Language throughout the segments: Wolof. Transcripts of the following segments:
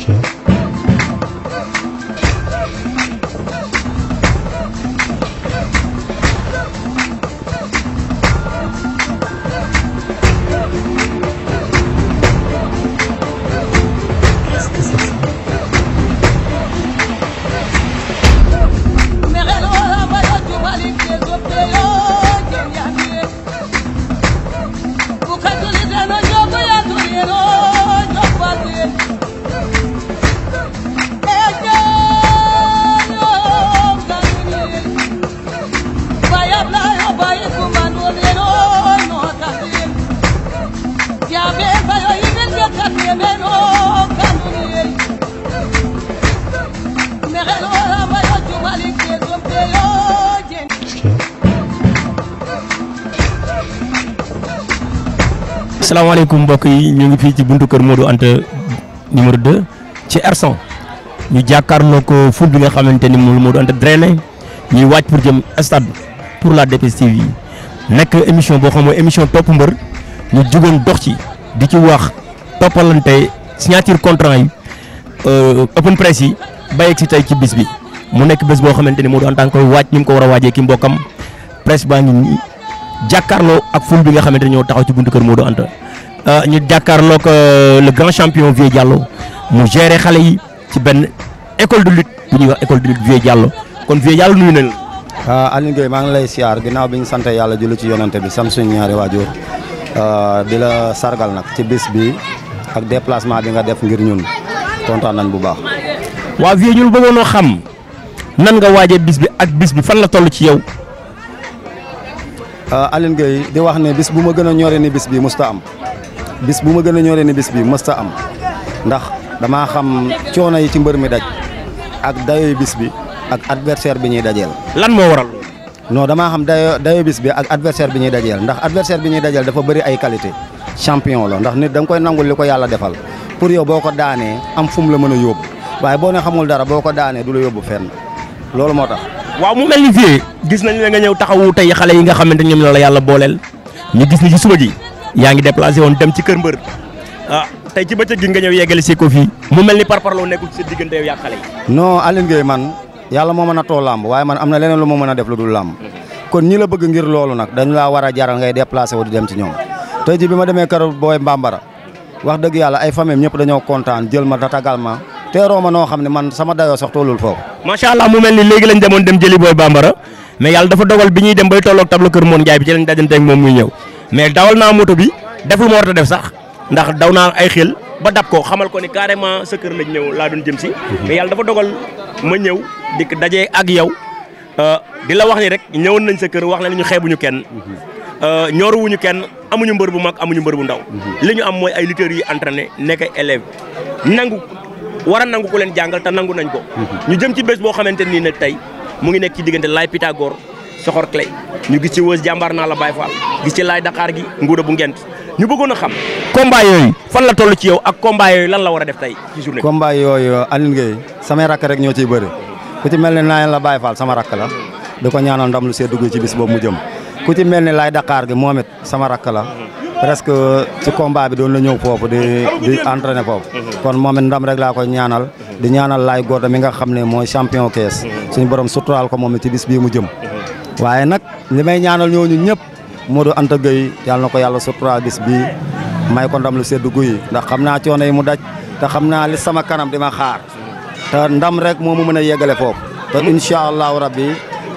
Okay. salaamaaleykum mbokk yi ñu ngi fii ci buntu kër Modou Anta numéro 2 ci Ersan ñu jàkkaarloo ko foule bi nga xamante ni moom Modou Anta drainé ñuy waaj pour jëm stade pour la DPS yi nekk émission boo xam mooy émission topp mbër ñu jugoon dox ci di ci wax toppalante signature contrat yi euh, open press yi bàyyeeg si tey ci bis bi mu nekk bés boo xamante ni Modou Anta koy waaj ni mu ko war a waajee ki mbokkam presse baa ngi jàkkaarloo ak ful bi nga xamante ne ñoo taxaw ci buntu kër Modou Anta euh, ñu jàkkaarloo ko euh, le grand champion Vieux Diallo mu géré xale yi ci benn école de lutte bu ñuy wax école de lutte Vieux Diallo kon Vieux Diallo nuyu na la. Euh, Alioune Gueye maa ngi lay siyaar ginnaaw bi ñu sant yàlla julli ci yonante bi sam suñu ñaari waajur di la sargal nag ci bis bi ak déplacement bi nga def ngir ñun kontaan nañ bu baax. waa Vieux ñun bëggoonoo xam nan nga waajee bis bi ak bis bi fan la toll ci yow. Euh, Alioune Gueye di wax ne bis bu ma gën a ñoree ni bis bi mësta am bis bu ma gën a ñoree ni bis bi mësta am ndax damaa xam coono yi ci mbër mi daj ak dayoy bis bi ak adversaire bi ñuy dajeel. lan moo waral. non damaa xam dayo dayo bis bi ak adversaire bi ñuy dajeel ndax adversaire bi ñuy dajeel dafa bari ay qualité champion la ndax nit da nga koy nangul li ko yàlla defal pour yow boo ko daanee am fu la mën a yóbbu waaye boo ne xamul dara boo ko daanee du la yóbbu fenn loolu moo tax. waaw mu mel ni Vieux gis nañ la nga ñew taxawu tay xalé yi nga xamanteni ñoom la la yalla bolel ñu gis ni ci suba ji yaangi déplacer won dem ci kër mbeur ah tay ci bëcëg gi nga ñew yeggale ci ko fi mu mel ni parparloo nekkul ci sa yow ya xalé yi. non alen ngey man yalla mo mën to lamb waye man amna leneen lu mo mën def lu dul lamb kon ñi la bëgg ngir loolu nak dañ la wara jaral ngay déplacer wu dem ci ñoom tay ji bima démé kër boy Mbambara wax deug yalla ay famille ñëpp dañoo contane jël ma tatagal ma te ma noo xam ne man sama dayoo sax tollul foofu. macha allah mu mel ni léegi lañ demoon dem jëli booy bambara mais yàlla dafa dogal bi ñuy dem bay tolloog tableau kër Moon Njaay bi ci lañ dajanteeg moom muy ñëw mais dawal naa moto bi def a sax ndax daw naa ay xel ba dab ko xamal ko ni carrément sa kër lañ ñëw laa doon jëm si. mais yàlla dafa dogal ma ñëw dikk daje ak yow euh, di la wax ni rek ñëwoon nañ sa kër wax nañ ñu xeebuñu kenn. Euh, ñooruwuñu kenn amuñu mbër bu mag amuñu mbër bu ndaw. Mhm. li ñu am mooy ay lutteurs yi entraîné nekk élève nangu war a nangu ko leen jàngal te nangu nañ ko. ñu jëm ci bés boo xamante nii nag tey mu ngi nekk ci diggante laay Pythagore soxor clé ñu gis ci wës jàmbaar naa la Baye Fall gis ci laay Dakar gi nguuda bu ngent ñu bëggoon a xam combat yooyu fan la toll ci yow ak combat yooyu lan la war a def tey ci journée combat yooyu Alioune rakk rek ñoo ciy bëri ku ci mel ne naa la Baye Fall sama rakk la di ko ñaanal ndam lu see dugg ci bis boobu mu jëm ku ci mel ne laay Dakar gi moom it sama rakk la presque ci combat bi doon la ñëw foofu di di ne foofu kon moom it ndam rek laa koy ñaanal di ñaanal laay góor mi nga xam ne mooy champion kees suñu borom suturaal ko moom ci bis bii mu jëm waaye nag li may ñaanal ñooñu ñëpp Modou Anta Gueye yàlla na ko yàlla suturaal bis bii may ko ndam lu sedd guyi ndax xam naa coono yi mu daj te xam naa li sama kanam di ma xaar te ndam rek moo mu mën a yeggale foofu te incha allahu rabbi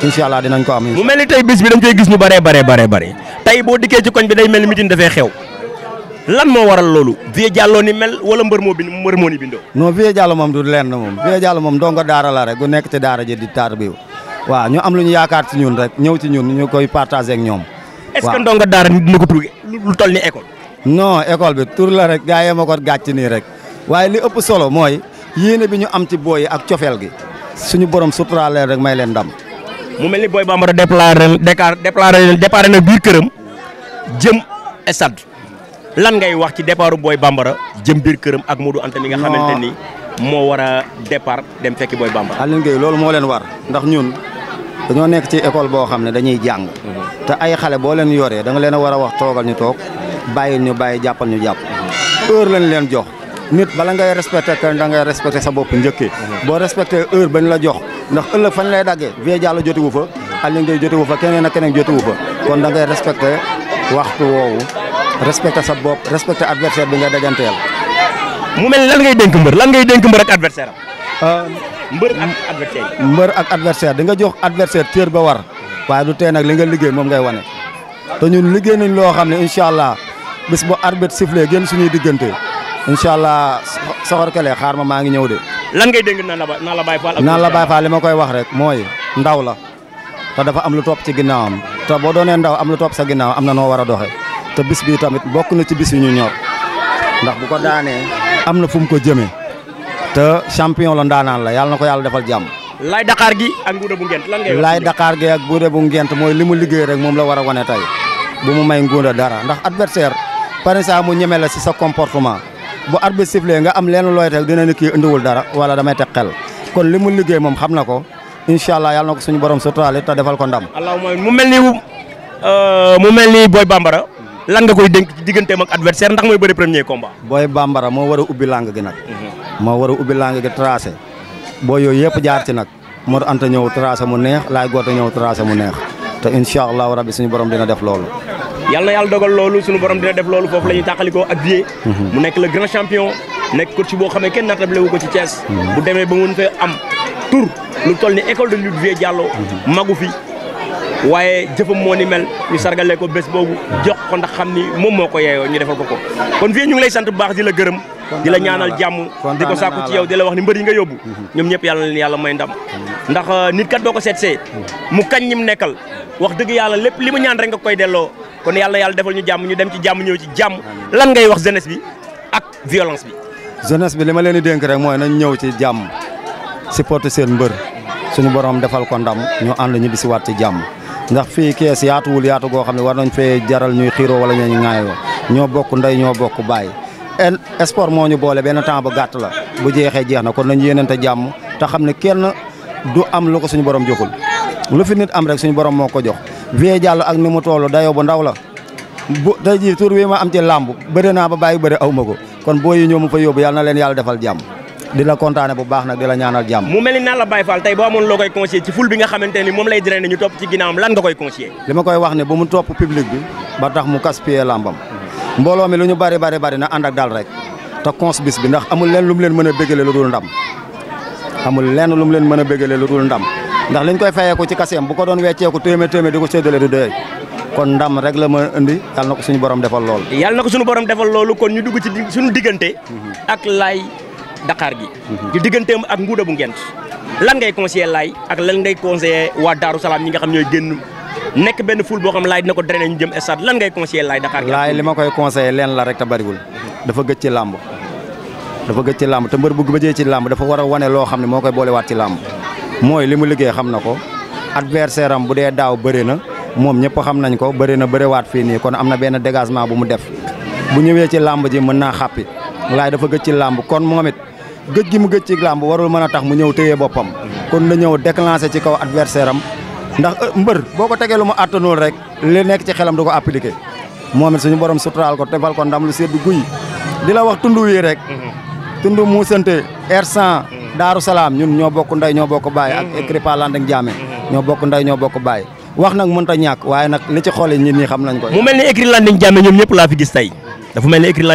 incha di dinañ ko am mu mel ni tey koy gis ñu bare bare bare bare tey boo dikkee ci koñ bi day mel ni mitin dafee xew lan moo waral loolu Vieux jàlloo ni mel wala mbër moo bind mbër moo ni bindoo non Vieux Diallo moom du lenn moom Vieux Diallo moom donga daara la rek gu nekk ci daara ji di taar bi waaw ñu am lu ñu yaakaar ci ñun rek ñëw ci ñun ñu koy partagé ak ñoom est-ce daara ni dina ko trouvé lu toll ni école no école bi tur la rek gaa yee ma ko gàcc nii rek waaye li ëpp solo mooy yéene bi ñu am ci booyi ak cofeel gi suñu borom suturaalee rek may leen ndam mu mel ni booy Bambara déplacé déplacé départ na biir këram jëm stade lan ngay wax ci départu booy Bambara jëm biir këram ak Modou Anta mi nga xamante ni moo war a départ dem fekki Boy Bambara. Alioune Gueye loolu moo leen war ndax ñun dañoo nekk ci école boo xam ne dañuy jàng. Mhm. te ay xale boo leen yoree da nga leen a war a wax toogal ñu toog bàyyil ñu bàyyi jàppal ñu jàpp mhm. heure lañ leen jox nit bala ngay respecté que da ngay respecté sa bopp njëkkee. Mhm. boo respecté heure bañ la jox. ndax ëlëk fañ lay daggé vie jàll wu fa Aliou Ndeye wu fa keneen ak keneen wu fa kon da ngay respecté waxtu woowu respecté sa bop respecté adversaire bi nga dajanteel mu mel lan ngay dénk mbeur lan ngay dénk mbeur ak adversaire euh mbeur ak adversaire mbeur ak adversaire da nga jox adversaire tier ba war du té nak li nga liggé mom ngay wané té ñun liggé nañ lo xamné inshallah bis bu arbitre sifflé gën suñu digënté inshallah soxor kélé xaar ma ma ngi ñëw de lan ngay deng na la na la Baye Fall na la Baye Fall li koy wax rek moy ndaw la ta dafa am lu top ci ginnaawam ta bo doonee ndaw am lu top sa ginnaaw amna no wara doxé ta bis bi tamit bok na ci bis yi ñu ñor ndax bu ko daané amna fu mu ko jëmee te champion la ndaanaan la yalla nako yalla defal jàmm. lay Dakar gi ak buude bu ngent lan ngay lay Dakar gi ak buude bu ngent moy limu liggéey rek mom la wara woné tay bu mu may nguunda dara ndax adversaire parisa mu ñeme la sa comportement bu arbitre sifflé nga am leen looy teg dina ni ki dara wala damay teg xel kon limu liggéey ko inshallah yalla nako suñu borom suturaale ta defal ko ndam. allahumma mu melni euh Boy Bambara. lan nga koy denk ci digënté mak adversaire ndax moy bëri premier combat. Boy Bambara mo wara ubi lang gi nak mo wara ubi lang gi tracé. boy yoy yépp jaar ci nak mo Anta ñew tracé mu neex lay ñew tracé mu neex te inshallah rabbi suñu borom dina def yàlla na yàlla dogal loolu suñu borom dina def loolu foofu la ñuy tàqalikoo ak Dieng. Mhm. mu nekk le grand champion nekk coach boo xamee kenn natable wu ko ci Thiès. Mhm. bu demee ba mën fee am tur lu tol ni école de lutte Vieux Diallo. Mhm. magu fi waaye jëfam moo ni mel ñu sargalee ko bés boobu jox ko ndax xam ni moom moo ko yeeyoo ñu defal ko ko kon Vieux ñu ngi sant baax di la gërëm. dila ñaanal jamm di ko ci yow dila wax ni mbëri nga yobbu mm-hmm. ñom ñep yalla leen yalla may ndam mm-hmm. ndax euh, nit kat boko setse mm-hmm. mu kañ ñim nekkal wax deug yalla lepp limu ñaan rek nga koy dello kon yalla yalla defal ñu jamm ñu dem ci jamm ñew ci jamm lan ngay wax jeunesse bi ak violence bi jeunesse bi lima ma leen di dénk rek moy nañ ñew ci jàmm supporter seen mbeur suñu borom defal ko ndam ñu ànd ñibbi si wat ci jamm ndax kess yaatu wul yaatu go xamni war nañ fe jaral ñuy xiro wala ñuy ngaayo ño bokku nday ño bokku baye sport moo ñu boole benn temps bu gàtt la bu jeexee jeex na kon nañu yéeneente jàmm te xam ne kenn du am lu ko suñu borom joxul lu fi nit am rek suñu borom moo ko jox. Vieux Diallo ak ni mu toll dayoo bu ndaw la bu tey jii tur wi ma am ci làmb bëri naa ba bàyyi bëri aw ma ko kon boo yi ñëw mu fa yóbbu yàlla na leen yàlla defal jàmm. di la kontaane bu baax nag di la ñaanal jàmm. mu mel ni nan la Baye Fall tey boo amoon loo koy conseillé ci ful bi nga xamante koy conseillé. li ma wax ne ba mu topp public bi ba tax mu gaspiller làmbam mbolo mi luñu bari bari bari na ànd ak daal rek ta cons bis bi ndax amul len lum len meuna mën a lu dul ndam amul len lum len meuna mën a lu dul ndam ndax liñ koy ko ci kasseem bu ko doon wéccé ko téme téme diko sédélé du doy kon ndam rek la ma indi yàlla nako suñu borom defal lool yàlla nako suñu borom defal lool kon ñu dugg ci suñu digënté mhm. ak lay Dakar gi. Mhm. di digganteem ak nguuda bu ngent lan ngay conseiller lay ak lan ngay conseiller wa Darou ñi nga xam ñoy gennu nekk benn ful boo xam laay dina ko drainer ñu jëm stade lan ngay conseiller laay Dakar. laay li ma koy conseiller leen la rek te dafa gëj ci làmb dafa gëj ci làmb te mbër bu gëjee ci làmb dafa war a wane loo xam ne moo koy boolewaat ci làmb mooy li mu liggéey xam na ko adversaire am bu dee daaw bëri na moom ñëpp xam nañ ko bëri na waat fii nii kon am na benn dégagement bu mu def bu ñëwee ci làmb ji mën naa xàppi laay dafa gëj ci làmb kon moom it gi mu gëj ci làmb warul mën a tax mu ñëw téye boppam kon la ñëw déclenché ci kaw adversaire am ndax eh, mbeur boko tege luma lu rek li nek ci xelam du appliquer momit suñu borom sutural ko tebal ko ndam lu seddu guuy di la wax tundu wi rek mhm. tund muusante air cent mhm. daru salam ñun ño bokku nday ño bokku bàyyi ak mhm. écripa land ak jaame ño bokku nday ño bokku bàyyi wax mën ta ñak waye nak li ci xolé ñin ñi xam nañ ko mu melni ni écrit landing jame ñom ñëpp la fi gis tay dafa melni écrit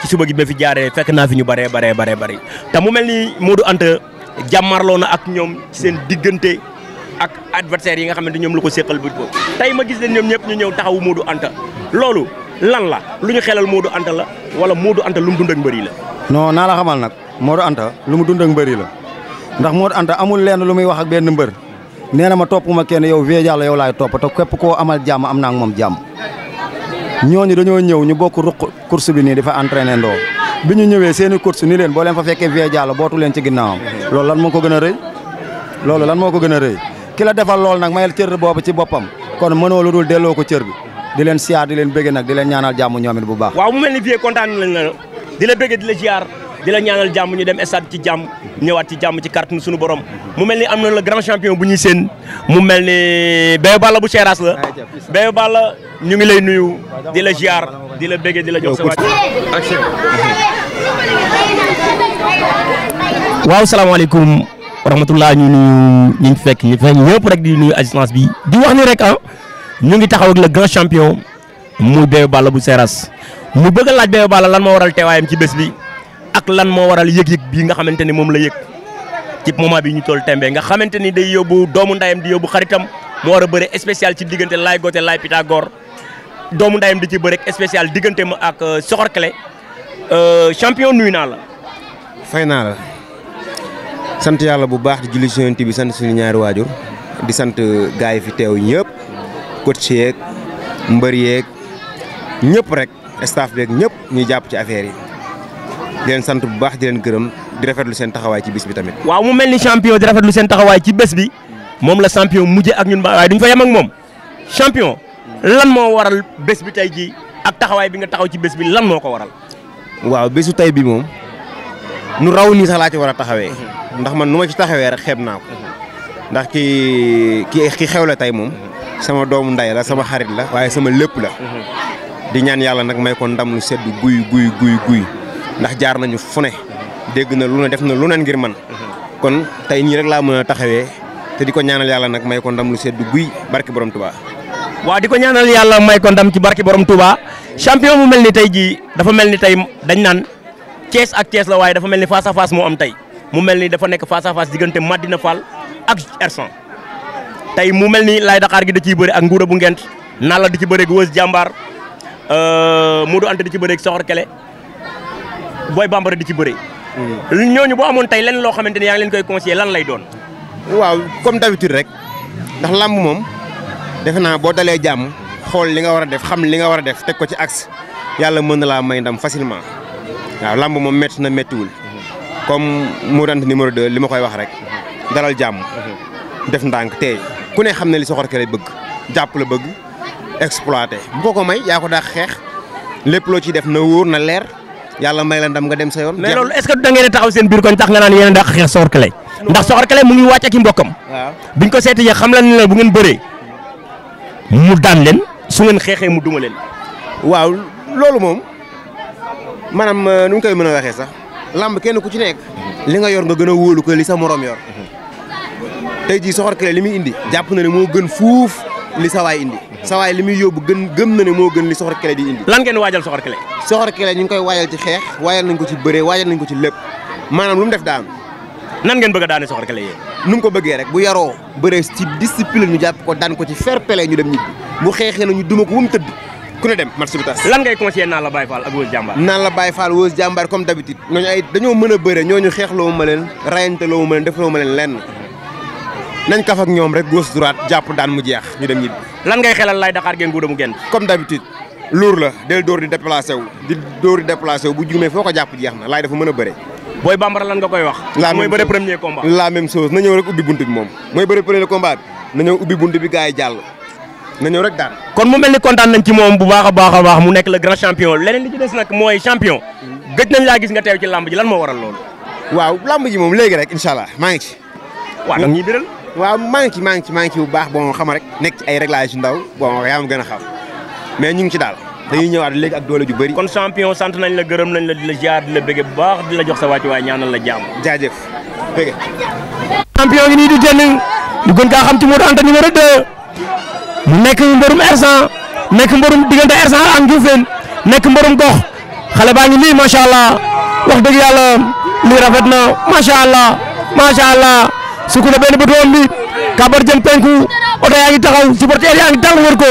ci suba gi be fi fek na fi ñu bare bare bare bare ta mu melni Modou Anta na ak ñoom seen diggante ak adversaire yi nga xamanteni ñom ñoom la ko séqal bu ko tay ma gis leen ñom ñep ñu ñew taxawu Modou Anta lolu lan la lu ñu xelal Modou Anta la wala Modou Anta lu mu dund ak mbëri la. non na la xamal nak Modou Anta lu mu dund ak mbëri la ndax Modou Anta amul leen lu muy wax ak benn mbeur neena ma topp ma kenn yow vie yàlla yow lay top te kep ko amal jàmm amna ak mom jàmm. ñoñu dañu ñew ñu bokku ruq course bi ni di fa entraîné ndoo bi ñu seen course ni leen bo leen fa fekke vie yàlla bootu leen ci ginnaw lolu lan moko gëna reuy lolu lan moko gëna reuy Kila defal lol nak mayal cër bobu ci bopam kon mëno lu dul delloo ko cër bi di len siar di len bëgg nak di len ñaanal jamm ñoomit bu baax waaw mu melni vie lañ la di la bëgg di la siyaar di la ñaanal jamm ñu dem stade ci jamm ñëwaat ci jamm ci carton suñu borom mu melni amna le grand champion bu ñuy seen mu melni ni Balla bu cheras la Béye Balla ñu ngi lay nuyu di la ziar di la bëgg di la jox sa action waaw wa rahmatullah ñu nuyu ñu fekk ñu fekk ñëpp rek di nuyu assistance bi di wax ni rek ah ñu ngi taxaw ak le grand champion muy Bébé Balla bu Seras mu bëgg a laaj Bébé Balla lan moo waral teewaayam ci bés bi ak lan moo waral yëg-yëg bii nga xamante ni moom la yëg ci moment bi ñu toll tembee nga xamante ni day yóbbu doomu ndayam di yóbbu xaritam mu war a bëre spécial ci diggante Laay Gote Laay Pythagore doomu ndayam di ci bëre spécial diggante ma ak euh, Soxor Clé euh, champion nuyu naa naa sante yalla bu baax di julli ci bi sant ñaari wajur di sante gaay fi tew ñepp coach yeeg mbër yeeg ñëpp rek staff beeg ñepp ñu japp ci affaire yi di leen bu baax di len gërëm di rafetlu sen taxaway ci bis bi tamit. waaw mu melni champion di rafetlu sen taxaway ci bes bi Mom la champion mujjé ak ñun baay duñ fa yam ak mom champion lan mo waral bes bi tay ji ak taxaway bi nga taxaw ci bes bi lan moko waral. waaw besu tay bi mom nu raw ci wara taxawé mhm. ndax man nu ma ci taxawee rek xeeb naa ko ndax ki ki ki xew la tey moom sama doomu ndey la sama xarit la waaye sama lépp la di ñaan yàlla nag may ko ndam lu sedd guy guy guy guy ndax jaar nañu fu ne dégg na lu def na lu ne ngir man kon tey nii rek laa mën a taxawee te di ko ñaanal yàlla nag may ko ndam lu guy barki borom Touba. waaw di ko ñaanal yàlla may ko ndam ci barki borom Touba champion bu mel ni tey ji dafa mel ni tey dañ naan Thiès ak Thiès la waaye dafa mel ni face à moo am tey. mu melni ni dafa nek face à face digënté Madina Fall ak Ersan tay mu melni ni lay Dakar gi da ci bëri ak nguura bu ngent naa di ci bëreeg Jambar euh Modou Anta di ci ak soxor kele Boy bambara di ci bëri. Hmm. ñooñu boo amon tay lén lo xamanteni ya ngi koy conseiller lan lay doon. waaw comme d'habitude rek ndax lamb mom defena bo dalé jamm xol li nga wara def xam li nga wara def tek ko ci axe yalla mën la may ndam facilement waaw lamb mom metti na wul comme Mourante numéro 2 li ma koy wax rek dalal jàmm. def ndànk tey ku ne xam ne li soxor ke lay bëgg jàpp la bëgg exploité bu ko may yaa ko daa xeex lépp loo ciy def na wóor na leer yàlla may la ndam nga dem sa yoon. mais loolu est-ce que taxaw seen biir koñ tax nga a daa xeex soxor ke lay ndax mu ngi wàcc i mbokkam. waaw biñ ko seetee xam la ne bu ngeen bëree mu daan leen su ngeen xeexee mu duma leen. waaw loolu moom maanaam euh, nu ñu koy mën a waxee sax. lamb kenn ku ci nekk. li nga yor nga gën a wóolu ko li sa moroom yor. tey jii soxor kële li muy indi. jàpp na ne moo gën fuuf li sa indi. sa waay li muy yóbbu gën gëm na ne moo gën li soxor kële di indi. lan ngeen waajal soxor kële. soxor kële ñu ngi koy waajal ci xeex waajal nañ ko ci bëree waajal nañ ko ci lépp maanaam lu mu def daan. nan ngeen bëgg daane soxor kële yéen. nu ko bëggee rek bu yaroo bëree ci discipline ñu jàpp ko daan ko ci ferpele play ñu dem ñibbi bu xeexee na duma ko mu tëdd ku ne dem match bi lan ngay conseillé naan la Baye Fall ak Weuz Diambar naan la Baye Fall Weuz Diambar comme d'habitude ñooñu ay dañoo mën a bëre ñooñu xeex loo leen rayante loo leen def loo leen nañ kaf ñoom rek gauche droite jàpp daan mu jeex ñu dem ñibbi lan ngay xelal lay Dakar geen guudamu génn comme d'habitude lour la del dóor di déplacé wu di dóor di déplacé wu bu jumee foo ko jàpp jeex na laay dafa mën a bëre booy bambara lan nga koy wax na ñëw rek ubbi bunt bi moom mooy bëre premier bunt bi gars yi jàll na ñëw rek daan kon mu mel ni kontaan nañ ci moom bu baax a baax a baax mu nekk le grand champion leneen li ci des nag mooy champion gëj nañ laa gis nga teew ci làmb lan moo waral loolu waaw làmb moom léegi rek incha allah maa ngi ci waaw waaw maa ngi ci bu baax bon xam rek nekk ci ay réglage yu ndaw bon yaa ma gën a xam mais ñu ngi ci daal dañuy ah. ñëwaat léegi ak doole ju bëri kon champion sant nañ la gërëm nañ la di la jaar di la bëgge bu baax di la la jàmm jaajëf bëgge champion ngi nii di nek mborum ersa nek mborum mbërum ersa am jufen nek mborum dox xalé baangi baa ma sha allah wax deug yalla li rafetna ma sha allah sha allah su ko ben bi kabar jëm penku auto yaangi taxaw supporter yaa ngi dal wër ko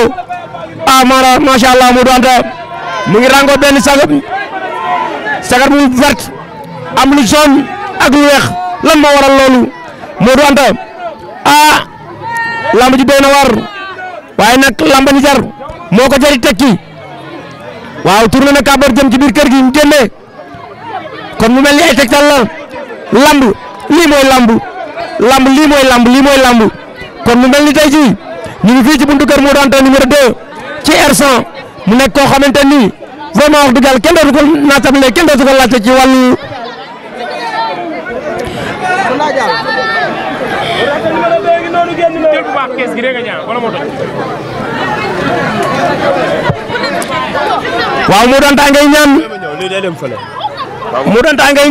ah ma sha allah mu doonta mu ngi rango ben sagat sagat mu vert am lu jaune ak lu wex lan waral lolu mu doonta ah lamu ji war. waaye nag lamba ni jar moo ko jëriñ tekki waaw tourné na kàbbar jëm ci biir kër gi ñu génnee kon mu mel ni ay tegtal la lamb lii mooy lamb lamb lii mooy lamb kon mu mel ni tey jii ñu ngi fii ci buntu kër Modou Anta numéro 2 ci R100 mu nekk koo xamante ni vraiment wax dëgg yàlla kenn dootu ko naatable kenn dootu ko laajte ci wàllu. gi dégg nga waaw mu doon taa ngay mu doon taa ngay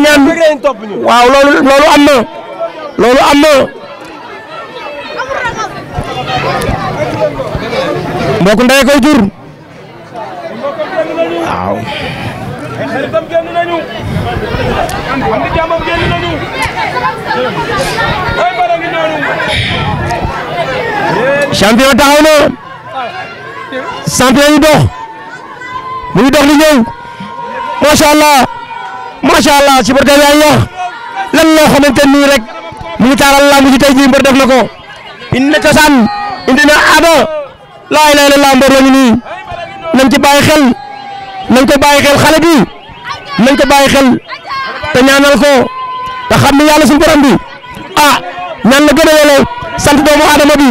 waaw loolu loolu loolu am na. mbokk ndey koy jur. champion taxaw na champion yi dox mu ngi dox li masha allah masya allah si barka yaa ngi lan loo xamante nii rek mu ngi taaral làmb ji tey jii mbër def na ko indi na cosaan indi na aada laa ilaaha illallaah mbër la ñu nii nañ ci bàyyi xel nañ ko xel bi nañ ko xel te ñaanal ko xam ni suñu borom bi ah ñaan la gën a yelloo sant doomu bi.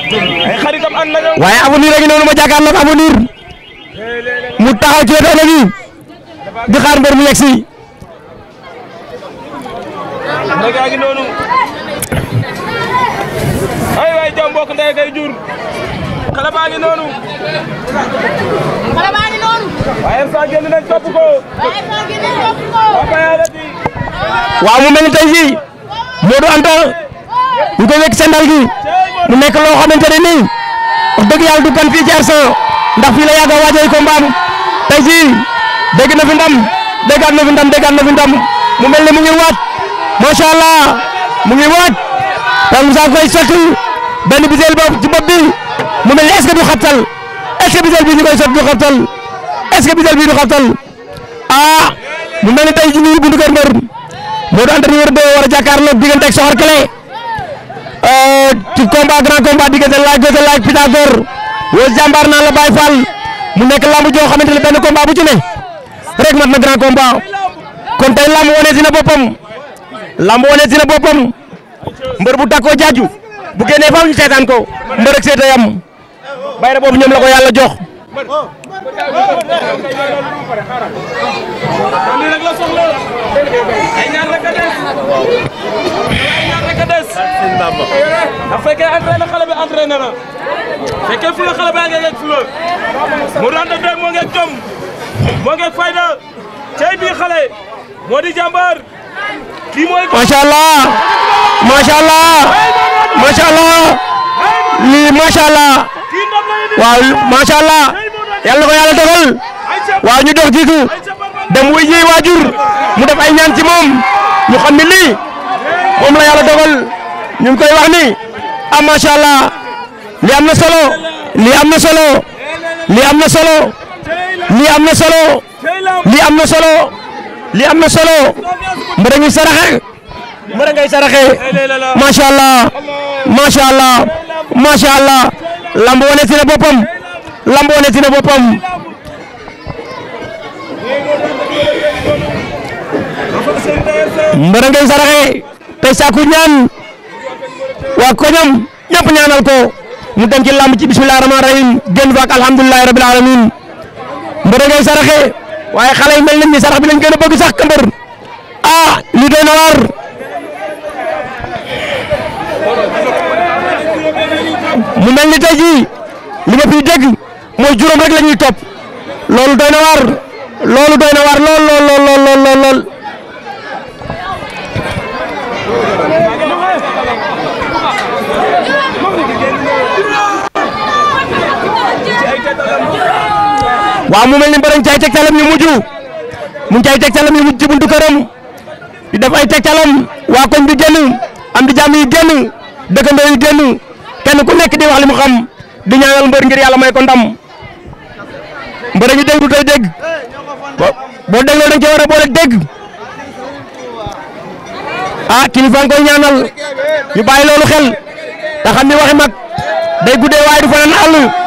waaye avenir a ngi noonu ma jàkkaarloog avenir mu taxaw ci wetu di xaar mbër mu yegsi ay waay jom kay jur xale baa ngi noonu xale ko waaw sendal gi mu nek lo xamanteni ni wax deug yalla du kan fi ci Arso ndax fi la yàgg wajay ko mbam tay tey jii na fi ndam déggaat na fi ndam déggaat na fi ndam mu melni mu ngi wat ma sha allah mu ngi wat tam sa fay sotu ben bisel bob ci bob bi mu melni est-ce que du xabtal est-ce bisel bi ni koy sot du xatal est-ce bisel bi du xatal ah mu melni tay tey ni nii buntu kër Ngor moo doon entraîneur bi war a jàkkaarloo diggante ak soxor kale rek ci combat grand combat diggante Laye Gose Laye Pythagore Weuz Jambar naan la Baye Fall na grand combat kon tey lamb wane si na boppam lamb wane si na boppam mbër bu tàkkoo jaaju bu génnee faaw ñu seetaan ko mbër ak seeta yam la ko yàlla jox. a des. ndax fekkee entraîné allah macha allah macha waaw macha allah yal na ko yàlla dogal waaw ñu dox jiitu dem wuy ji waajur mu def ay ñaan ci moom ñu xam ne lii. moom la yàlla dogal ñu ngi koy wax ni ah macha allah lii am na solo lii am na solo lii am na solo lii am na solo lii am na solo lii am na solo mbër ngi saraxe mbër ngay saraxe macha allah macha allah macha allah lamb wane si na boppam lamb wane boppam mbër ngay tey saaku ñaan waa koñam ñëpp ñaanal ko mu dem ci lamb ci bismillahi rahmaani rahim génn faak alhamdulillahi rabbil alamin mbër ngay saraxe waaye eh, xale mel nañ ni sarax bi lañ gën a bëgg sax ka mbër ah li doy na waar mu mel ni tey jii li ma fiy dégg mooy juróom rek la ñuy topp loolu doy na waar loolu lol lol lol lol lol waaw mu borom ni mbërëm cay tegtalam yu mujj mu ngi cay tegtalam yu mujj ci buntu karam di def ay tek tegtalam wa ko ndu génn am di jàmm yi dekk dëkkandoo yu génn kenn ku nek di wax limu xam di ñaanal mbër ngir yalla may ko ndam mbër ñu déglu tay dégg bo dégloo da nga cee war a boole dégg ah kilifa nga koy ñaanal yu bàyyi lolu xel ta xam ni waxi mak day guddee way du fa fanaan àll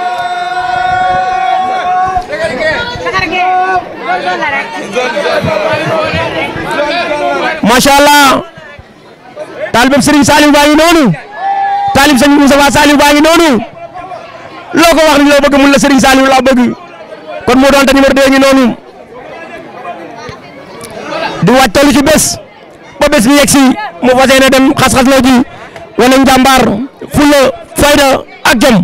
macha allah taalib Serigne Saliou ngi noonu taalib Serigne Moussa Saliou baa ngi noonu loo wax ni loo bëgg mun la Serigne Saliou laa bëgg kon moo doon te numéro 2 ngi noonu di waaj tollu ci bés ba bés bi yegsi mu fas yéene dem xas-xas loo ji wala njàmbaar fulla fayda ak jom.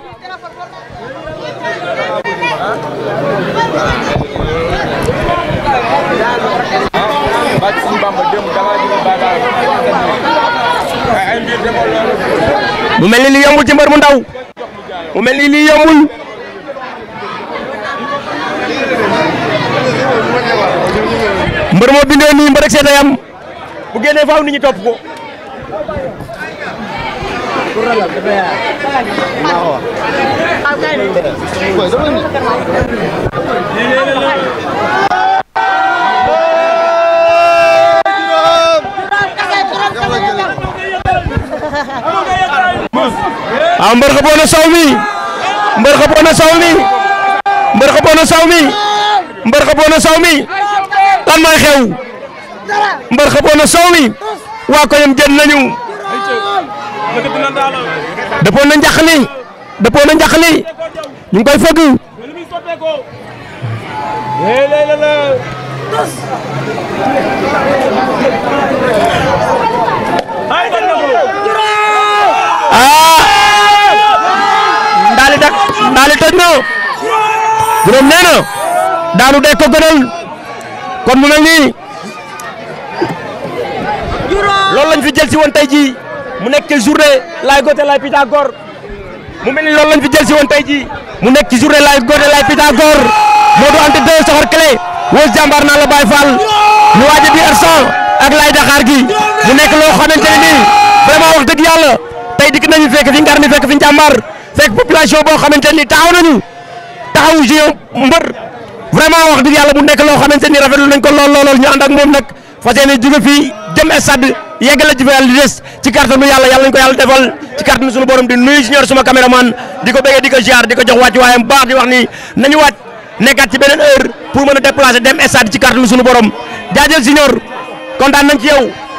mu mel ni li yombul ci mbër mu ndaw mu mel ni li a ah, mbër xëppoon na saw mi mbër xëppoon na saw mi mbër xew mbër xëppoon na waa ko yam jën nañu dëppoon njaxli dëppoon njaxli ñu koy fëgg ah dak Ndaly toj na Birame nee na daanu dee ko gënal kon mu mel nii loolu lañ fi jël si woon tey jii mu nekk ci journée Laye Gothé Laye mu mel ni loolu lañ fi jël si tey jii mu nekk ci journée soxor clé Weuz Jambar naa la Baye Fall ñu waaje bi Arsan ak Laye Dakar gi mu nekk loo xamante ne nii vraiment wax dëgg tey dikk nañu fekk fi ngar mi fekk fi njàmbaar fekk population boo xamante ni taxaw nañu taxaw ci mbër vraiment wax dëgg yàlla bu nekk loo xamante ni rafetlu nañ ko lool lool ñu ànd ak moom nag fas yéene jóge fii jëm stade yeggale ci fayal di des ci kàttanu yàlla yàlla ñu ko yàlla defal ci kàttanu suñu borom di nuyu si ñor suma caméraman di ko bëggee di ko ziar di ko jox wàcc waayam baax di wax ni nañu wàcc nekkaat ci beneen heure pour mën a déplacer dem stade ci kàttanu suñu borom jaajëf si ñor kontaan nañ ci yow.